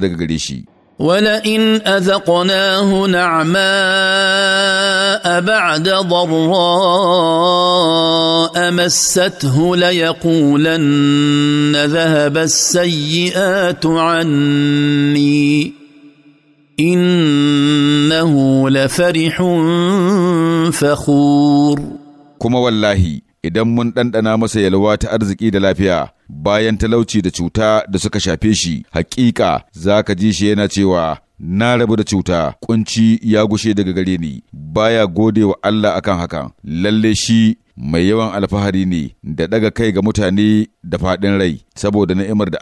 daga gare shi. Wala in azaƙonahu na ma a ba'da dharra amassathu la yaqulanna dhahaba as-sayyi'atu anni innahu lafarihun fakhur kuma wallahi idan mun ɗanɗana masa yalwa ta arziki da lafiya bayan talauci da cuta da suka shafe shi hakika za ka ji shi yana cewa na rabu da cuta kunci ya gushe daga gare ni baya gode wa Allah akan hakan lalle shi mai yawan alfahari ne da daga kai ga mutane da faɗin rai saboda ni'imar da